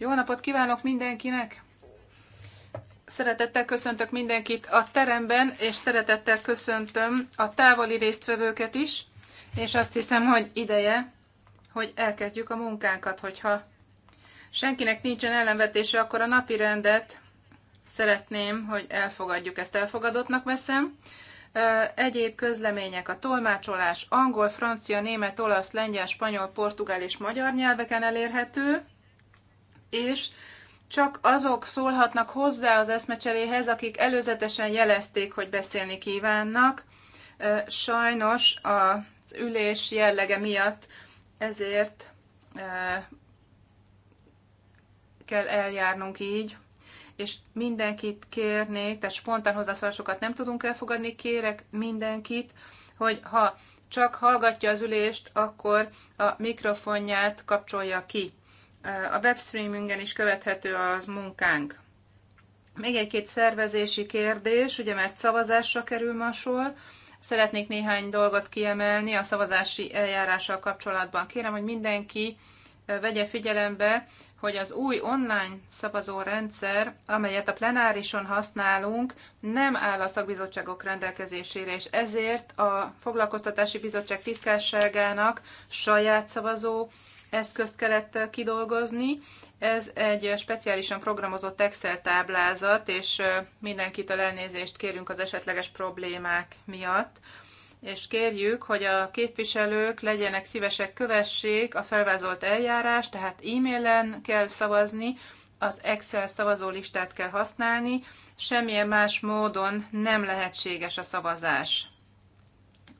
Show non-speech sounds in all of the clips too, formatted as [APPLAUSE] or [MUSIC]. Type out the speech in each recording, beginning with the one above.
Jó napot kívánok mindenkinek! Szeretettel köszöntök mindenkit a teremben, és szeretettel köszöntöm a távoli résztvevőket is, és azt hiszem, hogy ideje, hogy elkezdjük a munkánkat, hogyha senkinek nincsen ellenvetése, akkor a napi rendet szeretném, hogy elfogadjuk, ezt elfogadottnak veszem. Egyéb közlemények, a tolmácsolás angol, francia, német, olasz, lengyel, spanyol, portugál és magyar nyelveken elérhető és csak azok szólhatnak hozzá az eszmecseréhez, akik előzetesen jelezték, hogy beszélni kívánnak. Sajnos az ülés jellege miatt ezért kell eljárnunk így, és mindenkit kérnék, tehát spontán hozzászólásokat nem tudunk elfogadni, kérek mindenkit, hogy ha csak hallgatja az ülést, akkor a mikrofonját kapcsolja ki a webstreamingen is követhető a munkánk. Még egy-két szervezési kérdés, ugye mert szavazásra kerül ma sor. Szeretnék néhány dolgot kiemelni a szavazási eljárással kapcsolatban. Kérem, hogy mindenki vegye figyelembe, hogy az új online szavazórendszer, amelyet a plenárison használunk, nem áll a szakbizottságok rendelkezésére, és ezért a Foglalkoztatási Bizottság titkárságának saját szavazó eszközt kellett eh, kidolgozni. Ez egy eh, speciálisan programozott Excel táblázat, és eh, mindenkit a elnézést kérünk az esetleges problémák miatt és kérjük, hogy a képviselők legyenek szívesek kövessék a felvázolt eljárást, tehát e-mailen kell szavazni, az Excel szavazólistát kell használni, semmilyen más módon nem lehetséges a szavazás.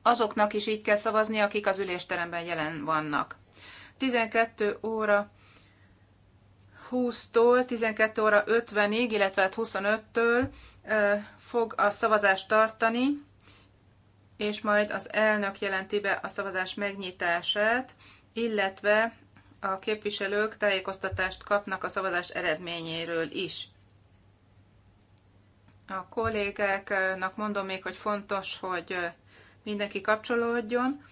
Azoknak is így kell szavazni, akik az ülésteremben jelen vannak. 12 óra 20-tól 12 óra 50-ig, illetve 25-től hát fog a szavazást tartani, és majd az elnök jelenti be a szavazás megnyitását, illetve a képviselők tájékoztatást kapnak a szavazás eredményéről is. A kollégáknak mondom még, hogy fontos, hogy mindenki kapcsolódjon.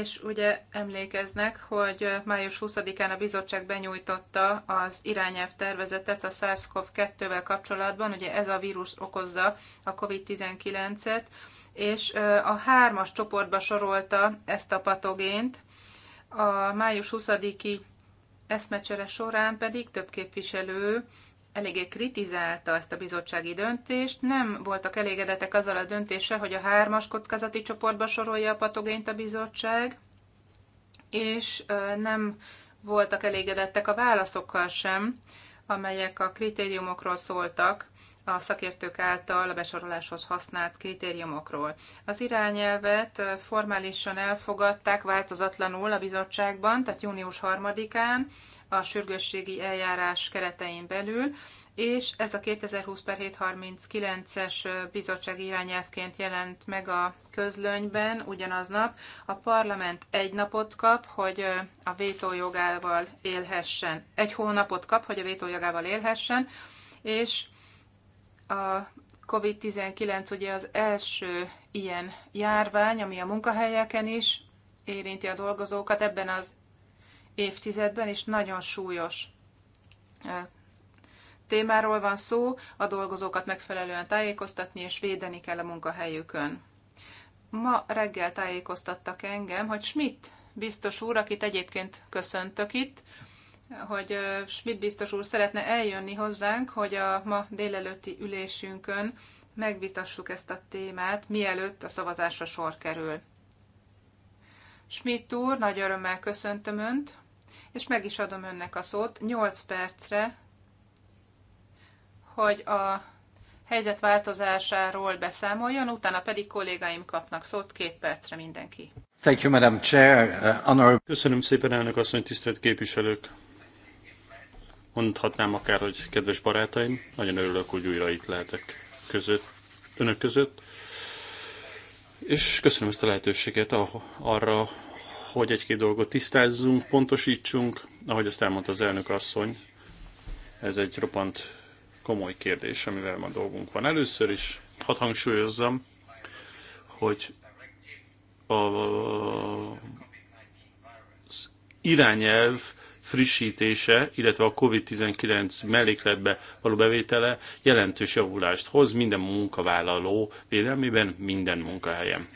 És ugye emlékeznek, hogy május 20-án a bizottság benyújtotta az irányelv tervezetet a SARS-CoV-2-vel kapcsolatban, ugye ez a vírus okozza a COVID-19-et, és a hármas csoportba sorolta ezt a patogént. A május 20-i eszmecsere során pedig több képviselő eléggé kritizálta ezt a bizottsági döntést, nem voltak elégedetek azzal a döntéssel, hogy a hármas kockázati csoportba sorolja a patogént a bizottság, és nem voltak elégedettek a válaszokkal sem, amelyek a kritériumokról szóltak, a szakértők által a besoroláshoz használt kritériumokról. Az irányelvet formálisan elfogadták változatlanul a bizottságban, tehát június 3-án a sürgősségi eljárás keretein belül, és ez a 2020 per 739-es bizottsági irányelvként jelent meg a közlönyben ugyanaznap. A parlament egy napot kap, hogy a vétójogával élhessen. Egy hónapot kap, hogy a vétójogával élhessen, és a COVID-19 ugye az első ilyen járvány, ami a munkahelyeken is érinti a dolgozókat ebben az évtizedben, és nagyon súlyos témáról van szó, a dolgozókat megfelelően tájékoztatni és védeni kell a munkahelyükön. Ma reggel tájékoztattak engem, hogy Schmidt biztos úr, akit egyébként köszöntök itt, hogy Schmidt biztos úr szeretne eljönni hozzánk, hogy a ma délelőtti ülésünkön megvitassuk ezt a témát, mielőtt a szavazásra sor kerül. Schmidt úr, nagy örömmel köszöntöm Önt, és meg is adom Önnek a szót 8 percre, hogy a helyzet változásáról beszámoljon, utána pedig kollégáim kapnak szót két percre mindenki. Thank you, Madam Chair. Uh, honor... Köszönöm szépen, elnök asszony, tisztelt képviselők! Mondhatnám akár, hogy kedves barátaim, nagyon örülök, hogy újra itt lehetek között, önök között. És köszönöm ezt a lehetőséget arra, hogy egy-két dolgot tisztázzunk, pontosítsunk. Ahogy azt elmondta az elnök asszony, ez egy roppant komoly kérdés, amivel ma dolgunk van. Először is hadd hangsúlyozzam, hogy a, az irányelv frissítése, illetve a COVID-19 mellékletbe való bevétele jelentős javulást hoz minden munkavállaló védelmében, minden munkahelyen.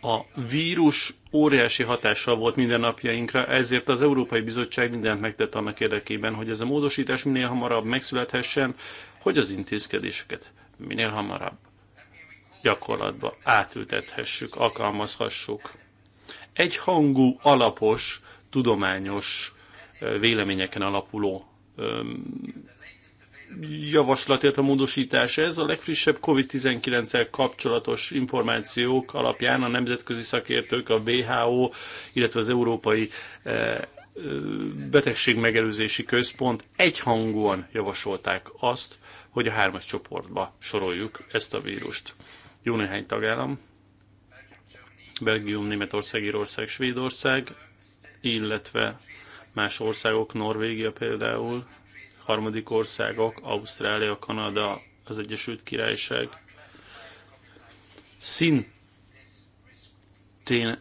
A vírus óriási hatással volt minden napjainkra, ezért az Európai Bizottság mindent megtett annak érdekében, hogy ez a módosítás minél hamarabb megszülethessen, hogy az intézkedéseket minél hamarabb gyakorlatba átültethessük, alkalmazhassuk. hangú, alapos tudományos véleményeken alapuló javaslat, illetve módosítás ez. A legfrissebb COVID-19-el kapcsolatos információk alapján a nemzetközi szakértők, a WHO, illetve az Európai Betegségmegelőzési Központ egyhangúan javasolták azt, hogy a hármas csoportba soroljuk ezt a vírust. Jó néhány tagállam, Belgium, Németország, Írország, Svédország illetve más országok, Norvégia például, harmadik országok, Ausztrália, Kanada, az Egyesült Királyság szintén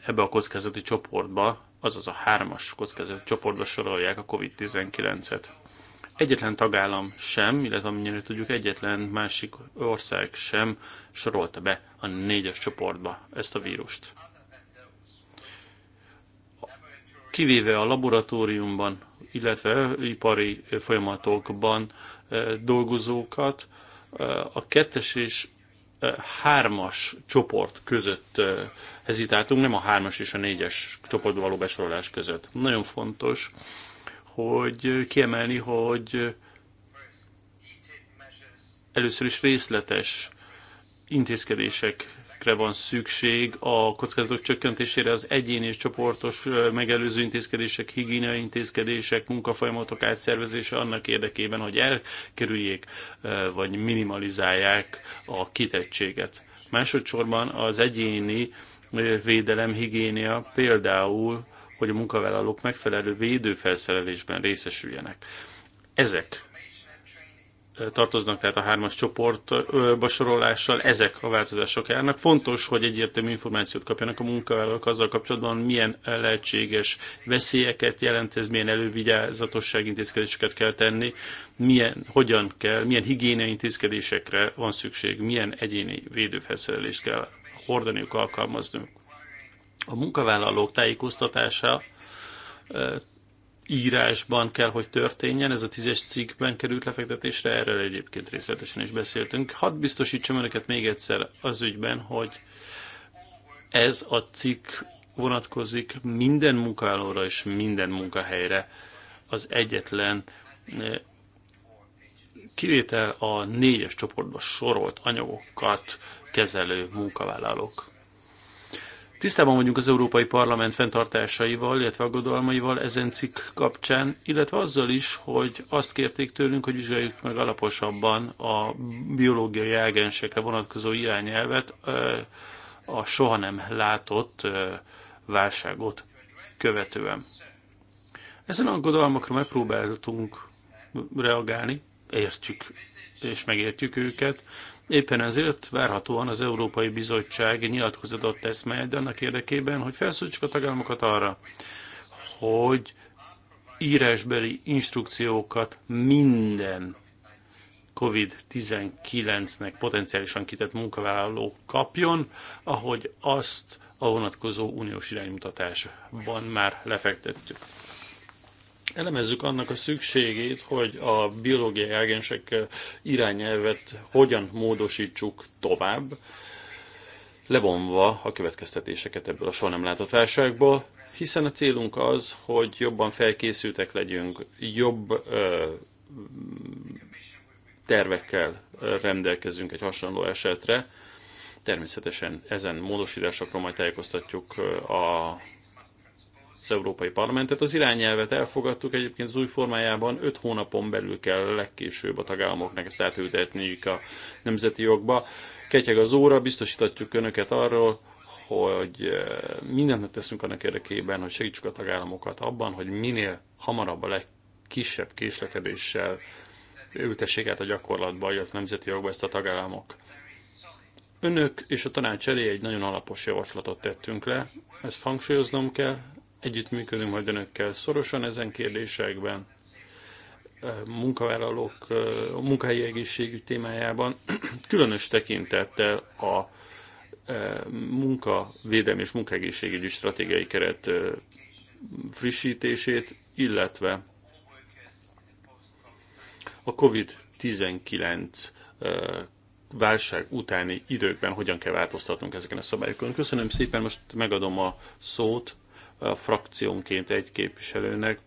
ebbe a kockázati csoportba, azaz a hármas kockázati csoportba sorolják a COVID-19-et. Egyetlen tagállam sem, illetve amennyire tudjuk, egyetlen másik ország sem sorolta be a négyes csoportba ezt a vírust kivéve a laboratóriumban, illetve ipari folyamatokban eh, dolgozókat, eh, a kettes és eh, hármas csoport között hezitáltunk, nem a hármas és a négyes csoport való besorolás között. Nagyon fontos, hogy kiemelni, hogy először is részletes intézkedések lépésekre van szükség a kockázatok csökkentésére, az egyéni és csoportos megelőző intézkedések, higiéniai intézkedések, munkafolyamatok átszervezése annak érdekében, hogy elkerüljék vagy minimalizálják a kitettséget. Másodszorban az egyéni védelem, higiénia például, hogy a munkavállalók megfelelő védőfelszerelésben részesüljenek. Ezek tartoznak, tehát a hármas csoportba sorolással ezek a változások járnak. Fontos, hogy egyértelmű információt kapjanak a munkavállalók azzal kapcsolatban, milyen lehetséges veszélyeket jelent ez, milyen elővigyázatosság intézkedéseket kell tenni, milyen, hogyan kell, milyen higiéniai intézkedésekre van szükség, milyen egyéni védőfelszerelést kell hordaniuk, alkalmazniuk. A munkavállalók tájékoztatása írásban kell, hogy történjen. Ez a tízes cikkben került lefektetésre, erről egyébként részletesen is beszéltünk. Hadd biztosítsam önöket még egyszer az ügyben, hogy ez a cikk vonatkozik minden munkálóra és minden munkahelyre. Az egyetlen eh, kivétel a négyes csoportba sorolt anyagokat kezelő munkavállalók. Tisztában vagyunk az Európai Parlament fenntartásaival, illetve aggodalmaival ezen cikk kapcsán, illetve azzal is, hogy azt kérték tőlünk, hogy vizsgáljuk meg alaposabban a biológiai ágensekre vonatkozó irányelvet a soha nem látott válságot követően. Ezen aggodalmakra megpróbáltunk reagálni, értjük és megértjük őket, Éppen ezért várhatóan az Európai Bizottság nyilatkozatot tesz majd annak érdekében, hogy felszólítsuk a tagállamokat arra, hogy írásbeli instrukciókat minden COVID-19-nek potenciálisan kitett munkavállaló kapjon, ahogy azt a vonatkozó uniós iránymutatásban már lefektettük elemezzük annak a szükségét, hogy a biológiai ágensek irányelvet hogyan módosítsuk tovább, levonva a következtetéseket ebből a soha nem látott válságból, hiszen a célunk az, hogy jobban felkészültek legyünk, jobb ö, tervekkel rendelkezünk egy hasonló esetre. Természetesen ezen módosításokról majd tájékoztatjuk a az Európai Parlamentet. Az irányelvet elfogadtuk, egyébként az új formájában 5 hónapon belül kell legkésőbb a tagállamoknak ezt átültetniük a nemzeti jogba. Ketyeg az óra, biztosítatjuk önöket arról, hogy eh, mindent teszünk annak érdekében, hogy segítsük a tagállamokat abban, hogy minél hamarabb a legkisebb késlekedéssel ültessék át a gyakorlatba, a nemzeti jogba ezt a tagállamok. Önök és a tanács elé egy nagyon alapos javaslatot tettünk le, ezt hangsúlyoznom kell, Együttműködünk majd önökkel szorosan ezen kérdésekben, munkavállalók, munkahelyi egészségügy témájában, [CLEARS THROAT] különös tekintettel a munkavédelmi és munkaegészségügyi stratégiai keret frissítését, illetve a COVID-19 válság utáni időkben hogyan kell változtatnunk ezeken a szabályokon. Köszönöm szépen, most megadom a szót a frakciónként egy képviselőnek,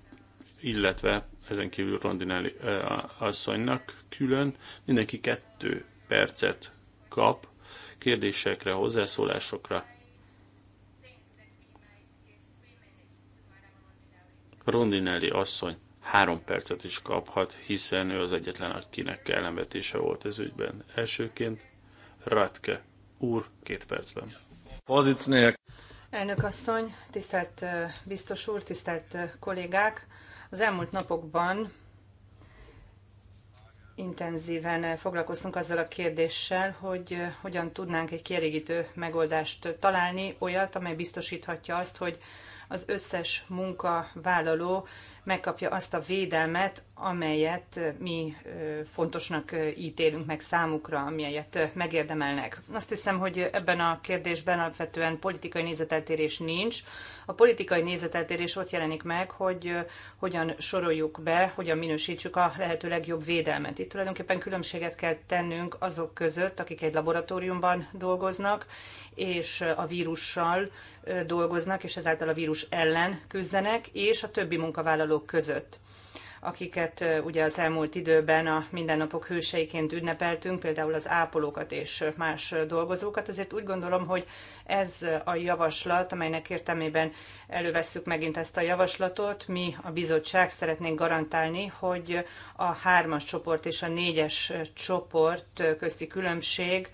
illetve ezen kívül Rondinelli asszonynak külön. Mindenki kettő percet kap kérdésekre, hozzászólásokra. Rondinelli asszony három percet is kaphat, hiszen ő az egyetlen, akinek ellenvetése volt ez ügyben. Elsőként Ratke úr két percben. Pozíciók. Elnök asszony, tisztelt biztos úr, tisztelt kollégák! Az elmúlt napokban intenzíven foglalkoztunk azzal a kérdéssel, hogy hogyan tudnánk egy kielégítő megoldást találni, olyat, amely biztosíthatja azt, hogy az összes munkavállaló megkapja azt a védelmet, amelyet mi fontosnak ítélünk meg számukra, amelyet megérdemelnek. Azt hiszem, hogy ebben a kérdésben alapvetően politikai nézeteltérés nincs. A politikai nézeteltérés ott jelenik meg, hogy hogyan soroljuk be, hogyan minősítsük a lehető legjobb védelmet. Itt tulajdonképpen különbséget kell tennünk azok között, akik egy laboratóriumban dolgoznak, és a vírussal dolgoznak, és ezáltal a vírus ellen küzdenek, és a többi munkavállalók között akiket ugye az elmúlt időben a mindennapok hőseiként ünnepeltünk, például az ápolókat és más dolgozókat. Azért úgy gondolom, hogy ez a javaslat, amelynek értelmében elővesszük megint ezt a javaslatot, mi a bizottság szeretnénk garantálni, hogy a hármas csoport és a négyes csoport közti különbség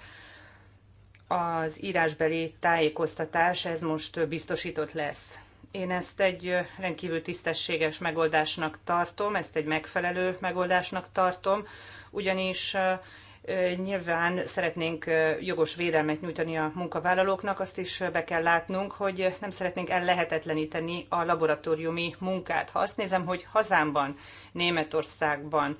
az írásbeli tájékoztatás, ez most biztosított lesz. Én ezt egy rendkívül tisztességes megoldásnak tartom, ezt egy megfelelő megoldásnak tartom, ugyanis Nyilván szeretnénk jogos védelmet nyújtani a munkavállalóknak, azt is be kell látnunk, hogy nem szeretnénk ellehetetleníteni a laboratóriumi munkát. Ha azt nézem, hogy hazámban, Németországban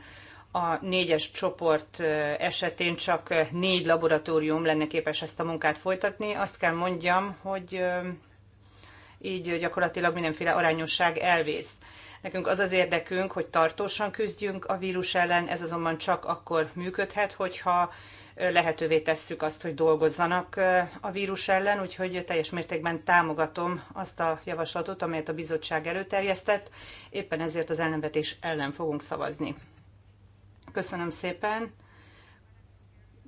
a négyes csoport esetén csak négy laboratórium lenne képes ezt a munkát folytatni, azt kell mondjam, hogy így gyakorlatilag mindenféle arányosság elvész. Nekünk az az érdekünk, hogy tartósan küzdjünk a vírus ellen, ez azonban csak akkor működhet, hogyha lehetővé tesszük azt, hogy dolgozzanak a vírus ellen, úgyhogy teljes mértékben támogatom azt a javaslatot, amelyet a bizottság előterjesztett, éppen ezért az ellenvetés ellen fogunk szavazni. Köszönöm szépen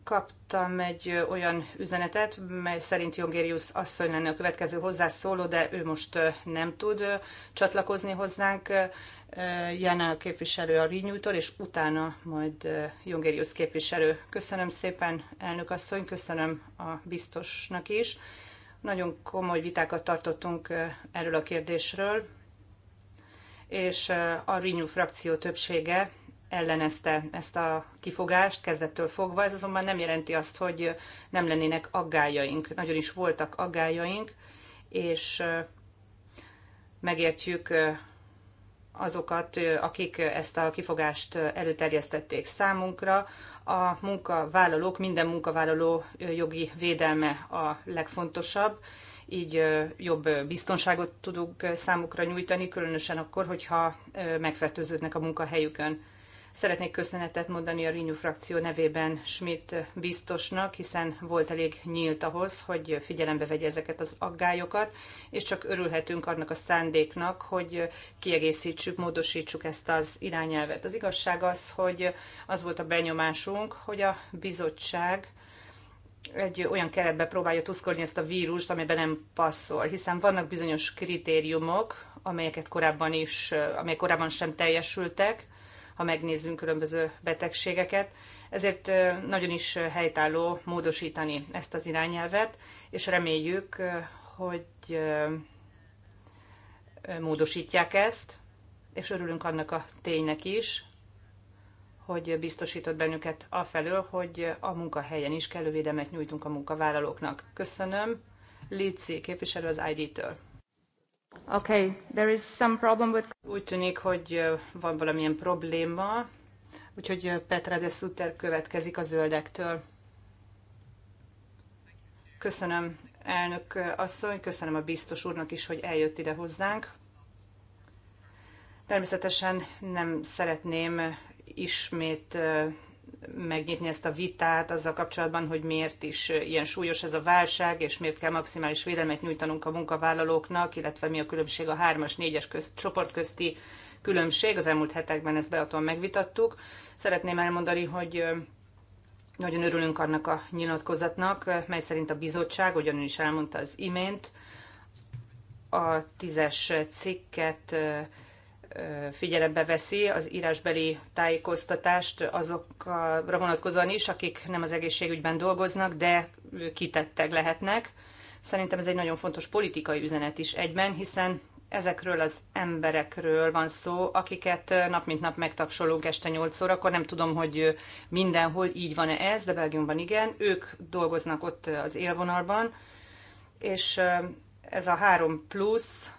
kaptam egy olyan üzenetet, mely szerint Jongérius asszony lenne a következő hozzászóló, de ő most nem tud csatlakozni hozzánk. Jana képviselő a Rinyújtól, és utána majd Jongérius képviselő. Köszönöm szépen, elnök asszony, köszönöm a biztosnak is. Nagyon komoly vitákat tartottunk erről a kérdésről, és a Rinyú frakció többsége ellenezte ezt a kifogást kezdettől fogva. Ez azonban nem jelenti azt, hogy nem lennének aggájaink. Nagyon is voltak aggájaink, és megértjük azokat, akik ezt a kifogást előterjesztették számunkra. A munkavállalók, minden munkavállaló jogi védelme a legfontosabb, így jobb biztonságot tudunk számukra nyújtani, különösen akkor, hogyha megfertőződnek a munkahelyükön. Szeretnék köszönetet mondani a Renew frakció nevében Schmidt biztosnak, hiszen volt elég nyílt ahhoz, hogy figyelembe vegye ezeket az aggályokat, és csak örülhetünk annak a szándéknak, hogy kiegészítsük, módosítsuk ezt az irányelvet. Az igazság az, hogy az volt a benyomásunk, hogy a bizottság egy olyan keretbe próbálja tuszkolni ezt a vírust, amiben nem passzol, hiszen vannak bizonyos kritériumok, amelyeket korábban is, amelyek korábban sem teljesültek, ha megnézzünk különböző betegségeket. Ezért nagyon is helytálló módosítani ezt az irányelvet, és reméljük, hogy módosítják ezt, és örülünk annak a ténynek is, hogy biztosított bennünket afelől, hogy a munkahelyen is kellő védelmet nyújtunk a munkavállalóknak. Köszönöm. Lici képviselő az ID-től. Okay, there is some problem with... Úgy tűnik, hogy van valamilyen probléma, úgyhogy Petra de Sutter következik a zöldektől. Köszönöm, elnök asszony, köszönöm a biztos úrnak is, hogy eljött ide hozzánk. Természetesen nem szeretném ismét megnyitni ezt a vitát azzal kapcsolatban, hogy miért is ilyen súlyos ez a válság, és miért kell maximális védelmet nyújtanunk a munkavállalóknak, illetve mi a különbség a hármas, négyes 4 közt, csoport közti különbség. Az elmúlt hetekben ezt beaton megvitattuk. Szeretném elmondani, hogy nagyon örülünk annak a nyilatkozatnak, mely szerint a bizottság, ugyan is elmondta az imént, a tízes cikket figyelembe veszi az írásbeli tájékoztatást azokra vonatkozóan is, akik nem az egészségügyben dolgoznak, de kitettek lehetnek. Szerintem ez egy nagyon fontos politikai üzenet is egyben, hiszen ezekről az emberekről van szó, akiket nap mint nap megtapsolunk este 8 órakor. Nem tudom, hogy mindenhol így van-e ez, de Belgiumban igen. Ők dolgoznak ott az élvonalban, és ez a három plusz,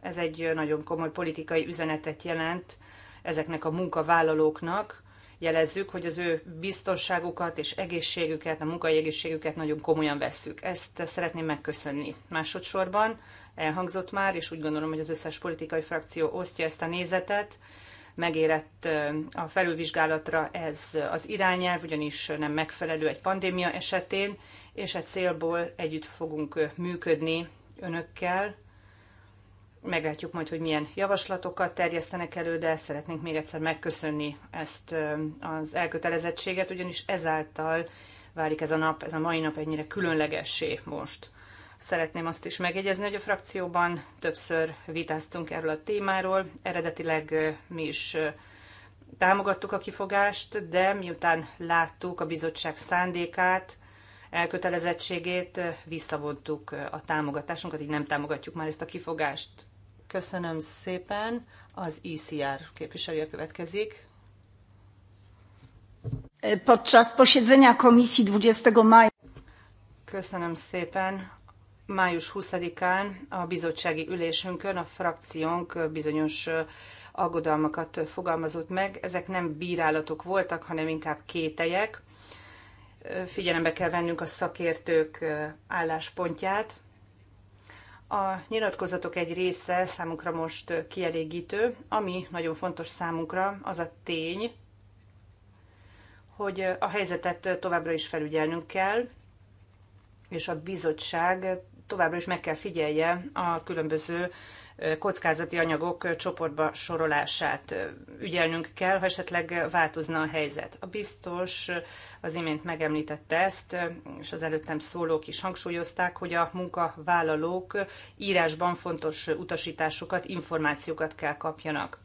ez egy nagyon komoly politikai üzenetet jelent ezeknek a munkavállalóknak. Jelezzük, hogy az ő biztonságukat és egészségüket, a munkai egészségüket nagyon komolyan vesszük. Ezt szeretném megköszönni. Másodszorban elhangzott már, és úgy gondolom, hogy az összes politikai frakció osztja ezt a nézetet, megérett a felülvizsgálatra ez az irányelv, ugyanis nem megfelelő egy pandémia esetén, és egy célból együtt fogunk működni önökkel, Meglátjuk majd, hogy milyen javaslatokat terjesztenek elő, de szeretnénk még egyszer megköszönni ezt az elkötelezettséget, ugyanis ezáltal válik ez a nap, ez a mai nap ennyire különlegessé most. Szeretném azt is megjegyezni, hogy a frakcióban többször vitáztunk erről a témáról. Eredetileg mi is támogattuk a kifogást, de miután láttuk a bizottság szándékát, elkötelezettségét, visszavontuk a támogatásunkat, így nem támogatjuk már ezt a kifogást. Köszönöm szépen. Az ICR e képviselője következik. Podczas posiedzenia komisji 20 maja. Köszönöm szépen. Május 20-án a bizottsági ülésünkön a frakciónk bizonyos aggodalmakat fogalmazott meg. Ezek nem bírálatok voltak, hanem inkább kételyek. Figyelembe kell vennünk a szakértők álláspontját a nyilatkozatok egy része számunkra most kielégítő, ami nagyon fontos számunkra az a tény, hogy a helyzetet továbbra is felügyelnünk kell, és a bizottság továbbra is meg kell figyelje a különböző kockázati anyagok csoportba sorolását ügyelnünk kell, ha esetleg változna a helyzet. A biztos az imént megemlítette ezt, és az előttem szólók is hangsúlyozták, hogy a munkavállalók írásban fontos utasításokat, információkat kell kapjanak.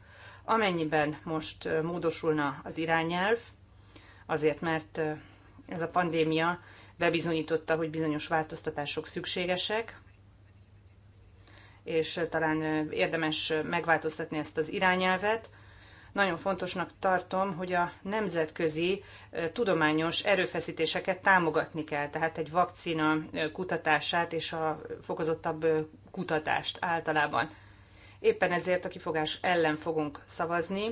Amennyiben most módosulna az irányelv, azért mert ez a pandémia bebizonyította, hogy bizonyos változtatások szükségesek, és talán érdemes megváltoztatni ezt az irányelvet. Nagyon fontosnak tartom, hogy a nemzetközi tudományos erőfeszítéseket támogatni kell, tehát egy vakcina kutatását és a fokozottabb kutatást általában. Éppen ezért a kifogás ellen fogunk szavazni.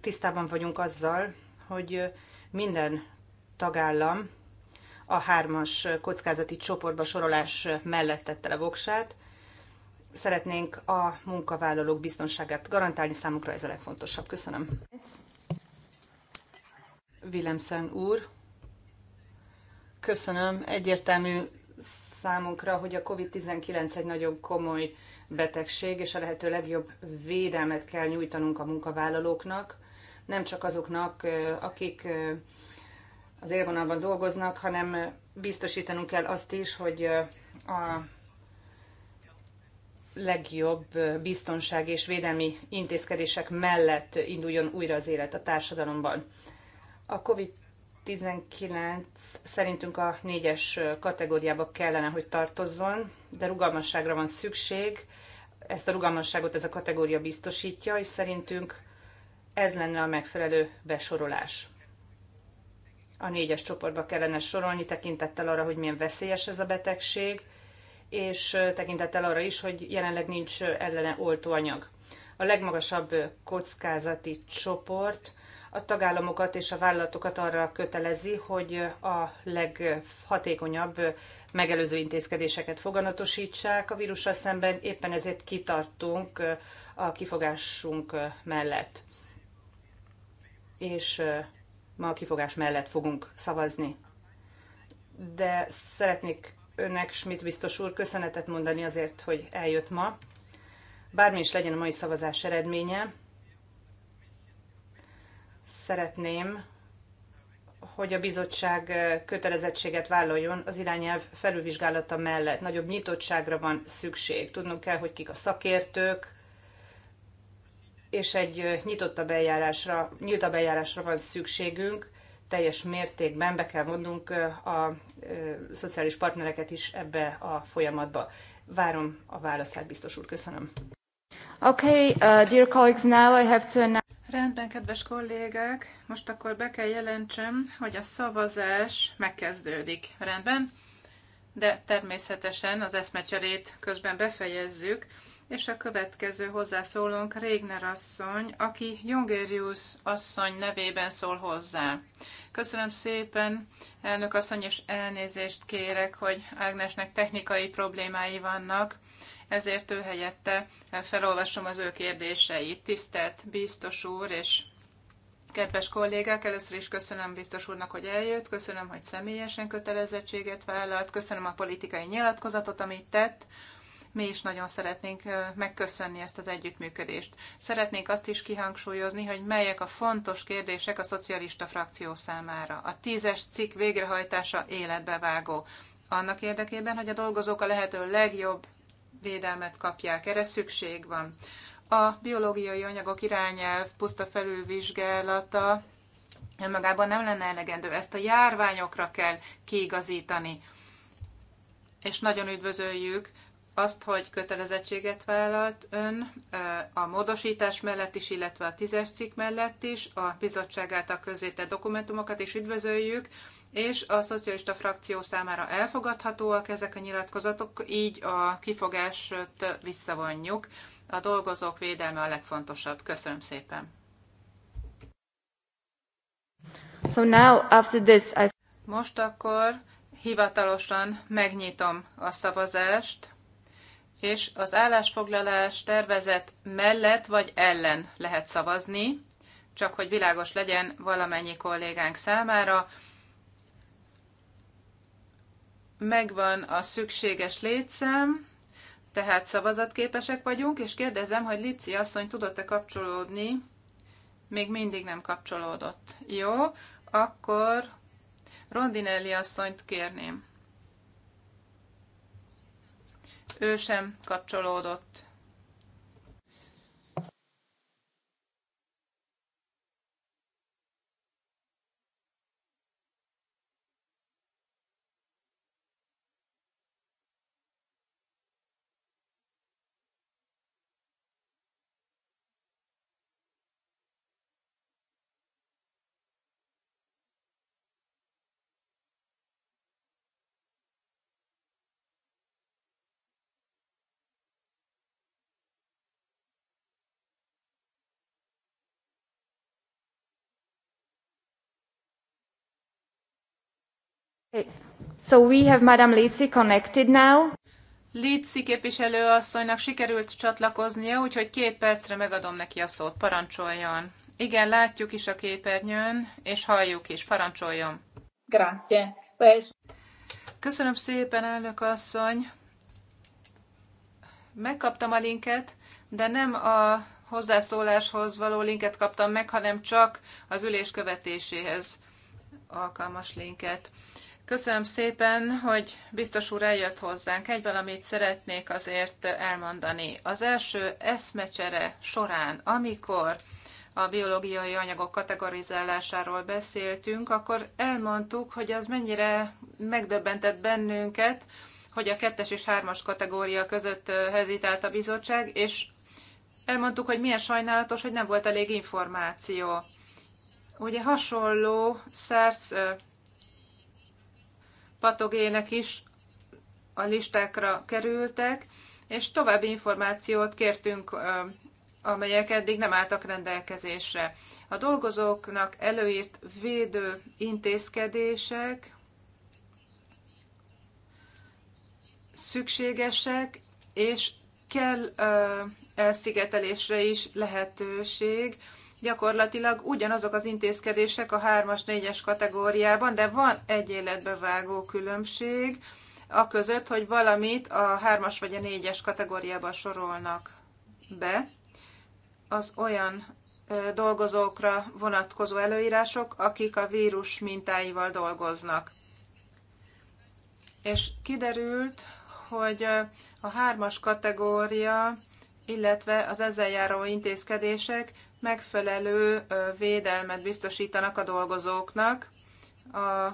Tisztában vagyunk azzal, hogy minden tagállam a hármas kockázati csoportba sorolás mellett tette le voksát, szeretnénk a munkavállalók biztonságát garantálni, számukra ez a legfontosabb. Köszönöm. Willemsen úr, köszönöm. Egyértelmű számunkra, hogy a COVID-19 egy nagyon komoly betegség, és a lehető legjobb védelmet kell nyújtanunk a munkavállalóknak, nem csak azoknak, akik az élvonalban dolgoznak, hanem biztosítanunk kell azt is, hogy a legjobb biztonság és védelmi intézkedések mellett induljon újra az élet a társadalomban. A COVID-19 szerintünk a négyes kategóriába kellene, hogy tartozzon, de rugalmasságra van szükség. Ezt a rugalmasságot ez a kategória biztosítja, és szerintünk ez lenne a megfelelő besorolás. A négyes csoportba kellene sorolni, tekintettel arra, hogy milyen veszélyes ez a betegség, és tekintettel arra is, hogy jelenleg nincs ellene oltóanyag. A legmagasabb kockázati csoport a tagállamokat és a vállalatokat arra kötelezi, hogy a leghatékonyabb megelőző intézkedéseket foganatosítsák a vírussal szemben, éppen ezért kitartunk a kifogásunk mellett. És ma a kifogás mellett fogunk szavazni. De szeretnék önnek, Schmidt biztos úr, köszönetet mondani azért, hogy eljött ma. Bármi is legyen a mai szavazás eredménye, szeretném, hogy a bizottság kötelezettséget vállaljon az irányelv felülvizsgálata mellett. Nagyobb nyitottságra van szükség. Tudnunk kell, hogy kik a szakértők, és egy nyitottabb eljárásra, nyíltabb eljárásra van szükségünk, teljes mértékben be kell mondunk a szociális partnereket is ebbe a folyamatba. Várom a válaszát, biztos úr. Köszönöm. Okay, uh, dear colleagues, now I have to announce... Rendben, kedves kollégák, most akkor be kell jelentsem, hogy a szavazás megkezdődik. Rendben? De természetesen az eszmecserét közben befejezzük, és a következő hozzászólónk Régner asszony, aki Jongerius asszony nevében szól hozzá. Köszönöm szépen, elnök asszony, és elnézést kérek, hogy Ágnesnek technikai problémái vannak, ezért ő helyette felolvasom az ő kérdéseit. Tisztelt biztos úr és kedves kollégák, először is köszönöm biztos úrnak, hogy eljött, köszönöm, hogy személyesen kötelezettséget vállalt, köszönöm a politikai nyilatkozatot, amit tett, mi is nagyon szeretnénk megköszönni ezt az együttműködést. Szeretnénk azt is kihangsúlyozni, hogy melyek a fontos kérdések a szocialista frakció számára. A tízes cikk végrehajtása vágó Annak érdekében, hogy a dolgozók a lehető legjobb védelmet kapják. Erre szükség van. A biológiai anyagok irányelv puszta felülvizsgálata önmagában nem lenne elegendő. Ezt a járványokra kell kiigazítani. És nagyon üdvözöljük azt, hogy kötelezettséget vállalt ön a módosítás mellett is, illetve a tízes cikk mellett is, a bizottság által közzéte dokumentumokat is üdvözöljük, és a szocialista frakció számára elfogadhatóak ezek a nyilatkozatok, így a kifogást visszavonjuk. A dolgozók védelme a legfontosabb. Köszönöm szépen. So now, after this, I... Most akkor hivatalosan megnyitom a szavazást és az állásfoglalás tervezet mellett vagy ellen lehet szavazni, csak hogy világos legyen valamennyi kollégánk számára. Megvan a szükséges létszám, tehát szavazatképesek vagyunk, és kérdezem, hogy Lici asszony tudott-e kapcsolódni? Még mindig nem kapcsolódott. Jó, akkor Rondinelli asszonyt kérném ő sem kapcsolódott So we have Madame Lici connected now. Lici képviselő asszonynak sikerült csatlakoznia, úgyhogy két percre megadom neki a szót. Parancsoljon. Igen, látjuk is a képernyőn, és halljuk is. Parancsoljon. Grazie. Köszönöm szépen, elnök asszony. Megkaptam a linket, de nem a hozzászóláshoz való linket kaptam meg, hanem csak az ülés követéséhez alkalmas linket. Köszönöm szépen, hogy biztos úr eljött hozzánk. Egy valamit szeretnék azért elmondani. Az első eszmecsere során, amikor a biológiai anyagok kategorizálásáról beszéltünk, akkor elmondtuk, hogy az mennyire megdöbbentett bennünket, hogy a kettes és hármas kategória között hezitált a bizottság, és elmondtuk, hogy milyen sajnálatos, hogy nem volt elég információ. Ugye hasonló SARS patogének is a listákra kerültek, és további információt kértünk, amelyek eddig nem álltak rendelkezésre. A dolgozóknak előírt védő intézkedések szükségesek, és kell elszigetelésre is lehetőség, gyakorlatilag ugyanazok az intézkedések a 3-as, 4-es kategóriában, de van egy életbe vágó különbség a között, hogy valamit a 3-as vagy a 4-es kategóriába sorolnak be. Az olyan dolgozókra vonatkozó előírások, akik a vírus mintáival dolgoznak. És kiderült, hogy a hármas kategória, illetve az ezzel járó intézkedések megfelelő védelmet biztosítanak a dolgozóknak, a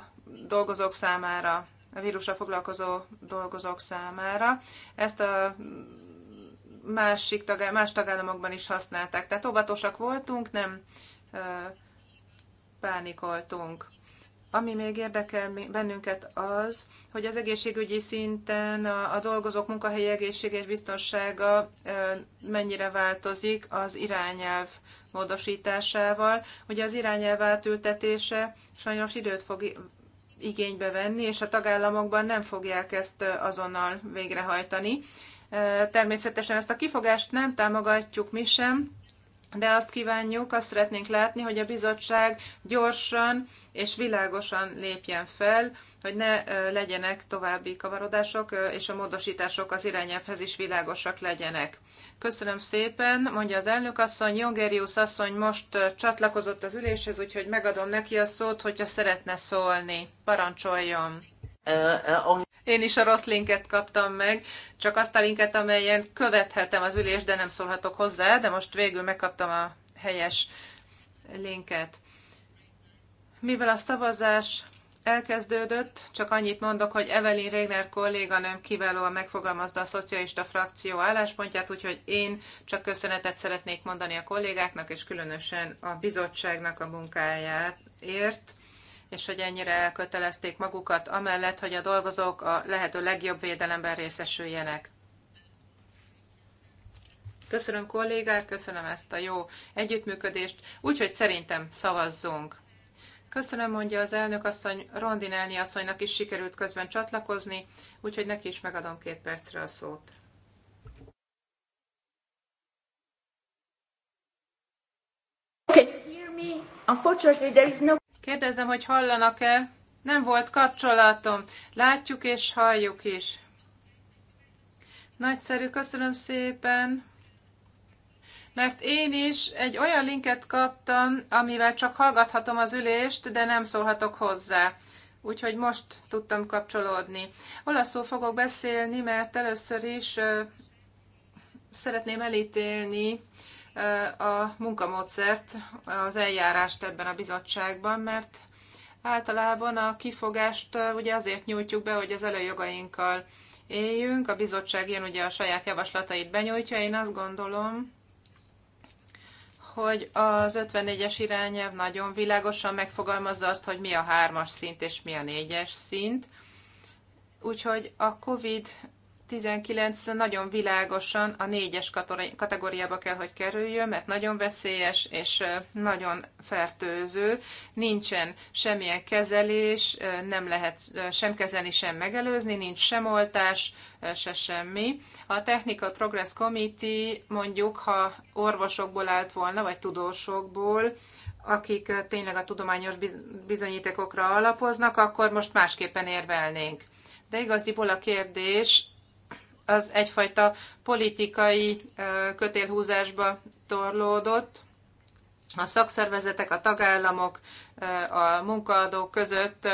dolgozók számára, a vírusra foglalkozó dolgozók számára. Ezt a másik tagá- más tagállamokban is használták. Tehát óvatosak voltunk, nem pánikoltunk. Ami még érdekel bennünket az, hogy az egészségügyi szinten a, a dolgozók munkahelyi egészsége és biztonsága mennyire változik az irányelv módosításával. Ugye az irányelv átültetése sajnos időt fog igénybe venni, és a tagállamokban nem fogják ezt azonnal végrehajtani. Természetesen ezt a kifogást nem támogatjuk mi sem, de azt kívánjuk, azt szeretnénk látni, hogy a bizottság gyorsan és világosan lépjen fel, hogy ne legyenek további kavarodások, és a módosítások az irányelvhez is világosak legyenek. Köszönöm szépen, mondja az elnök asszony, Jongerius asszony most csatlakozott az üléshez, úgyhogy megadom neki a szót, hogyha szeretne szólni. Parancsoljon! Én is a rossz linket kaptam meg, csak azt a linket, amelyen követhetem az ülést, de nem szólhatok hozzá, de most végül megkaptam a helyes linket. Mivel a szavazás elkezdődött, csak annyit mondok, hogy Evelyn Régner kolléganőm kiválóan megfogalmazta a szocialista frakció álláspontját, úgyhogy én csak köszönetet szeretnék mondani a kollégáknak, és különösen a bizottságnak a munkájáért és hogy ennyire elkötelezték magukat amellett, hogy a dolgozók a lehető legjobb védelemben részesüljenek. Köszönöm kollégák, köszönöm ezt a jó együttműködést, úgyhogy szerintem szavazzunk. Köszönöm, mondja az elnök asszony, Rondinelni asszonynak is sikerült közben csatlakozni, úgyhogy neki is megadom két percre a szót. Okay. Hear me. Unfortunately, there is no Kérdezem, hogy hallanak-e? Nem volt kapcsolatom. Látjuk és halljuk is. Nagyszerű, köszönöm szépen. Mert én is egy olyan linket kaptam, amivel csak hallgathatom az ülést, de nem szólhatok hozzá. Úgyhogy most tudtam kapcsolódni. Olaszul fogok beszélni, mert először is szeretném elítélni a munkamódszert, az eljárást ebben a bizottságban, mert általában a kifogást ugye azért nyújtjuk be, hogy az előjogainkkal éljünk. A bizottság jön ugye a saját javaslatait benyújtja. Én azt gondolom, hogy az 54-es irányelv nagyon világosan megfogalmazza azt, hogy mi a hármas szint és mi a négyes szint. Úgyhogy a COVID 19 nagyon világosan a négyes kategóriába kell, hogy kerüljön, mert nagyon veszélyes és nagyon fertőző. Nincsen semmilyen kezelés, nem lehet sem kezelni, sem megelőzni, nincs sem oltás, se semmi. A Technical Progress Committee mondjuk, ha orvosokból állt volna, vagy tudósokból, akik tényleg a tudományos bizonyítékokra alapoznak, akkor most másképpen érvelnénk. De igaziból a kérdés az egyfajta politikai kötélhúzásba torlódott. A szakszervezetek, a tagállamok, a munkaadók között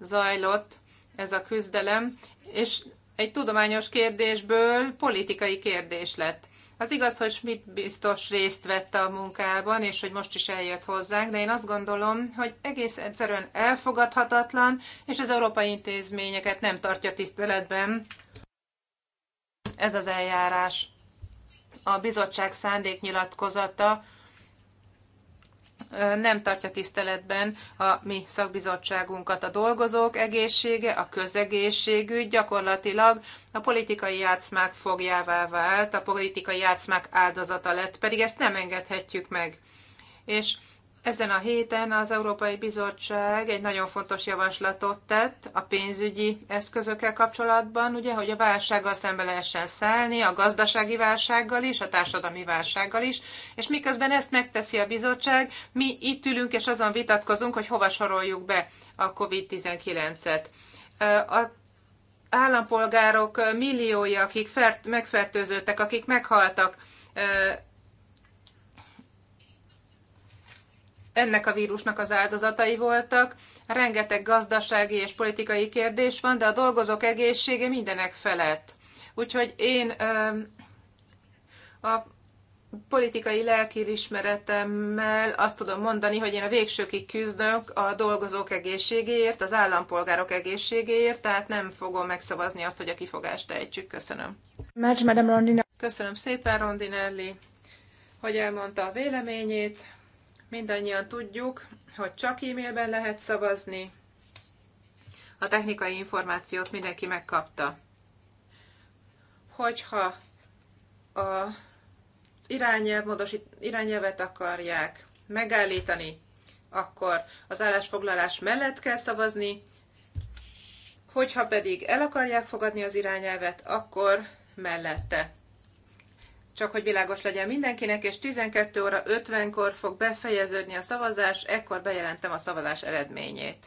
zajlott ez a küzdelem, és egy tudományos kérdésből politikai kérdés lett. Az igaz, hogy Schmidt biztos részt vett a munkában, és hogy most is eljött hozzánk, de én azt gondolom, hogy egész egyszerűen elfogadhatatlan, és az európai intézményeket nem tartja tiszteletben ez az eljárás. A bizottság szándéknyilatkozata nem tartja tiszteletben a mi szakbizottságunkat. A dolgozók egészsége, a közegészségügy gyakorlatilag a politikai játszmák fogjává vált, a politikai játszmák áldozata lett, pedig ezt nem engedhetjük meg. És ezen a héten az Európai Bizottság egy nagyon fontos javaslatot tett a pénzügyi eszközökkel kapcsolatban, ugye, hogy a válsággal szembe lehessen szállni, a gazdasági válsággal is, a társadalmi válsággal is, és miközben ezt megteszi a bizottság, mi itt ülünk és azon vitatkozunk, hogy hova soroljuk be a COVID-19-et. A állampolgárok milliói, akik fert, megfertőzöttek, akik meghaltak, ennek a vírusnak az áldozatai voltak. Rengeteg gazdasági és politikai kérdés van, de a dolgozók egészsége mindenek felett. Úgyhogy én a politikai lelkiismeretemmel azt tudom mondani, hogy én a végsőkig küzdök a dolgozók egészségéért, az állampolgárok egészségéért, tehát nem fogom megszavazni azt, hogy a kifogást ejtsük. Köszönöm. Köszönöm szépen, Rondinelli, hogy elmondta a véleményét. Mindannyian tudjuk, hogy csak e-mailben lehet szavazni. A technikai információt mindenki megkapta. Hogyha a irányelv, módosít, irányelvet akarják megállítani, akkor az állásfoglalás mellett kell szavazni, hogyha pedig el akarják fogadni az irányelvet, akkor mellette csak hogy világos legyen mindenkinek, és 12 óra 50-kor fog befejeződni a szavazás, ekkor bejelentem a szavazás eredményét.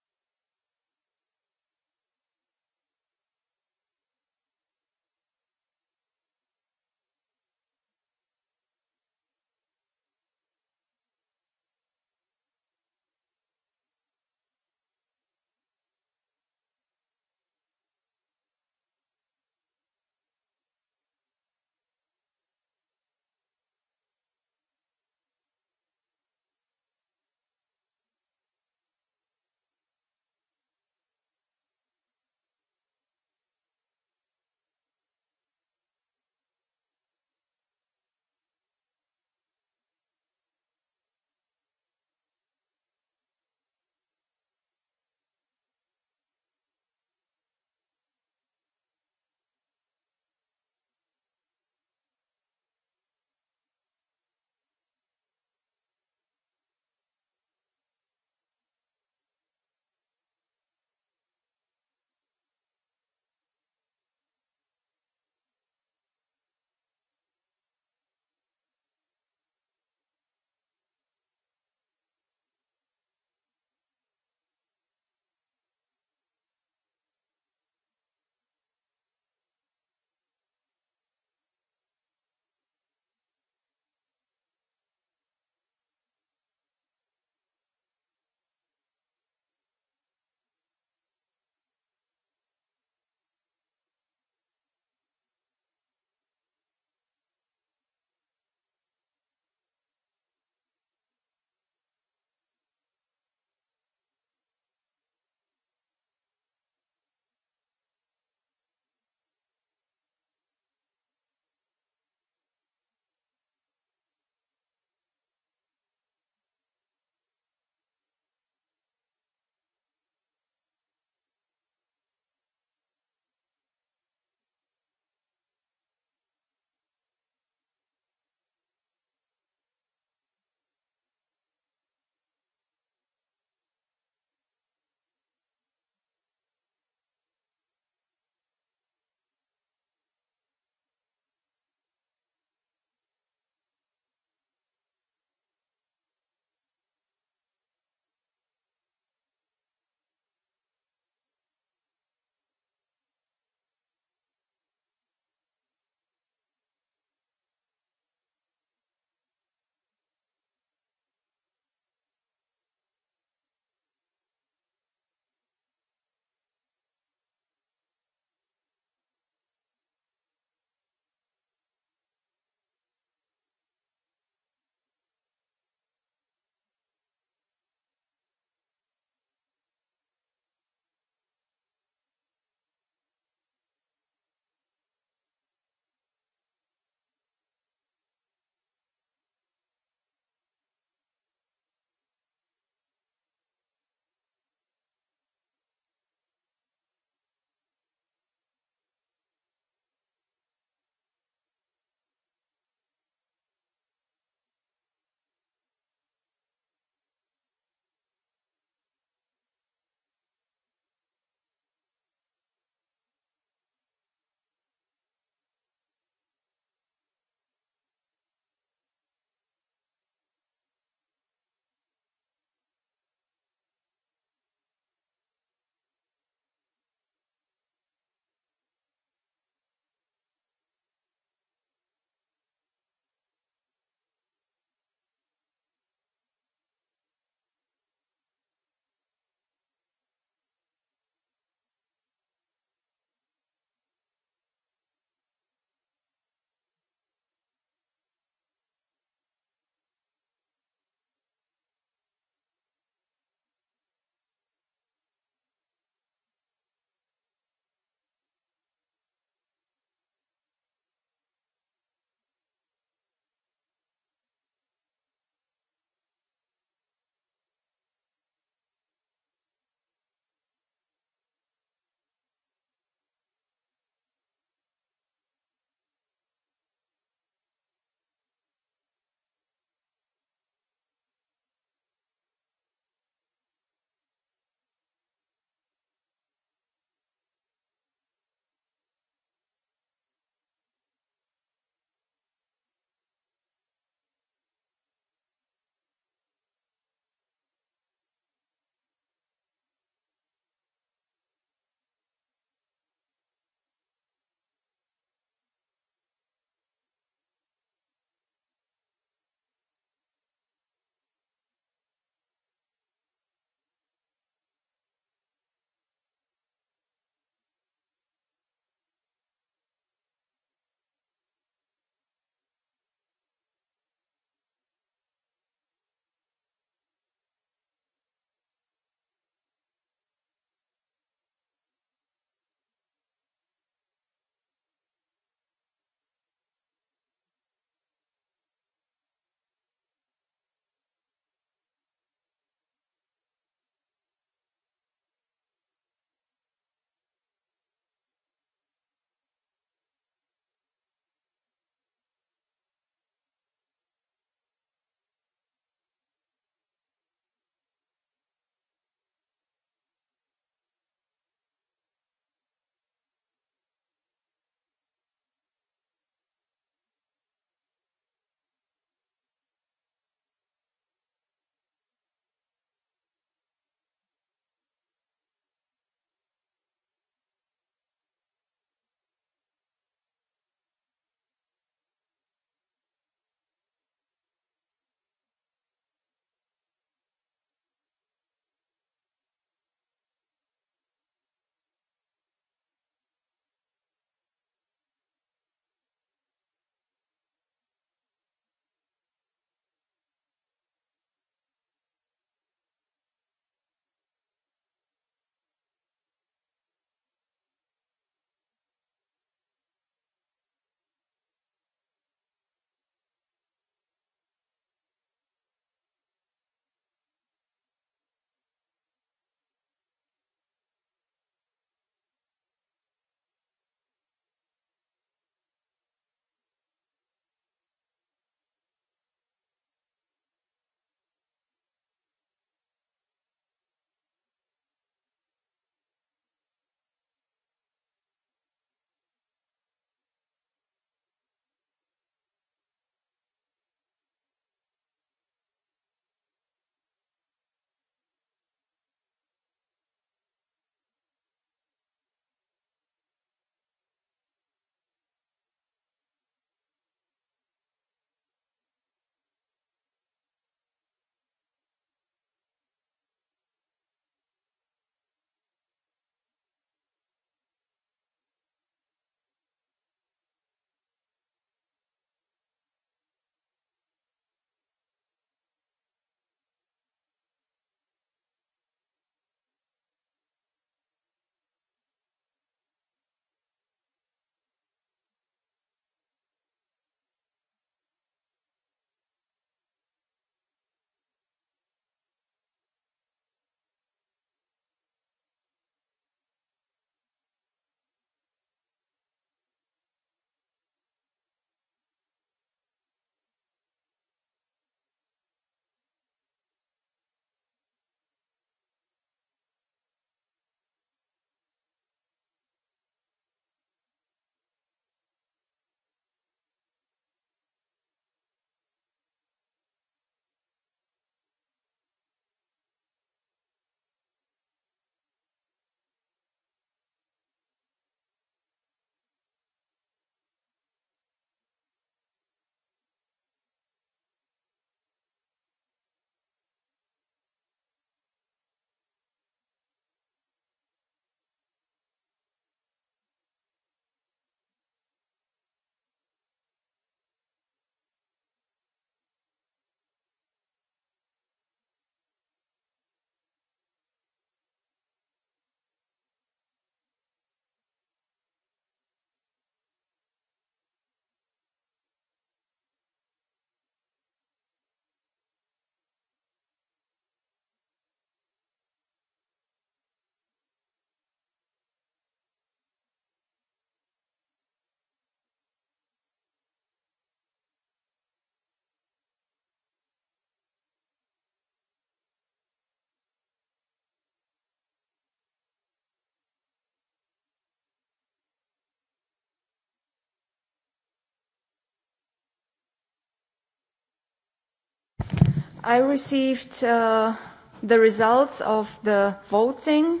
I received uh, the results of the voting.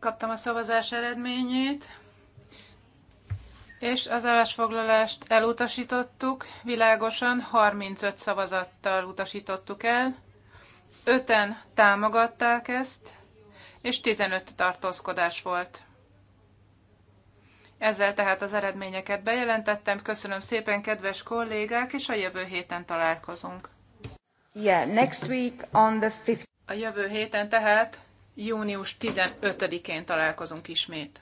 Kaptam a szavazás eredményét, és az állásfoglalást elutasítottuk, világosan 35 szavazattal utasítottuk el. Öten támogatták ezt, és 15 tartózkodás volt. Ezzel tehát az eredményeket bejelentettem. Köszönöm szépen, kedves kollégák, és a jövő héten találkozunk. Yeah, next week on the 5 A jövő héten tehát június 15-én találkozunk ismét.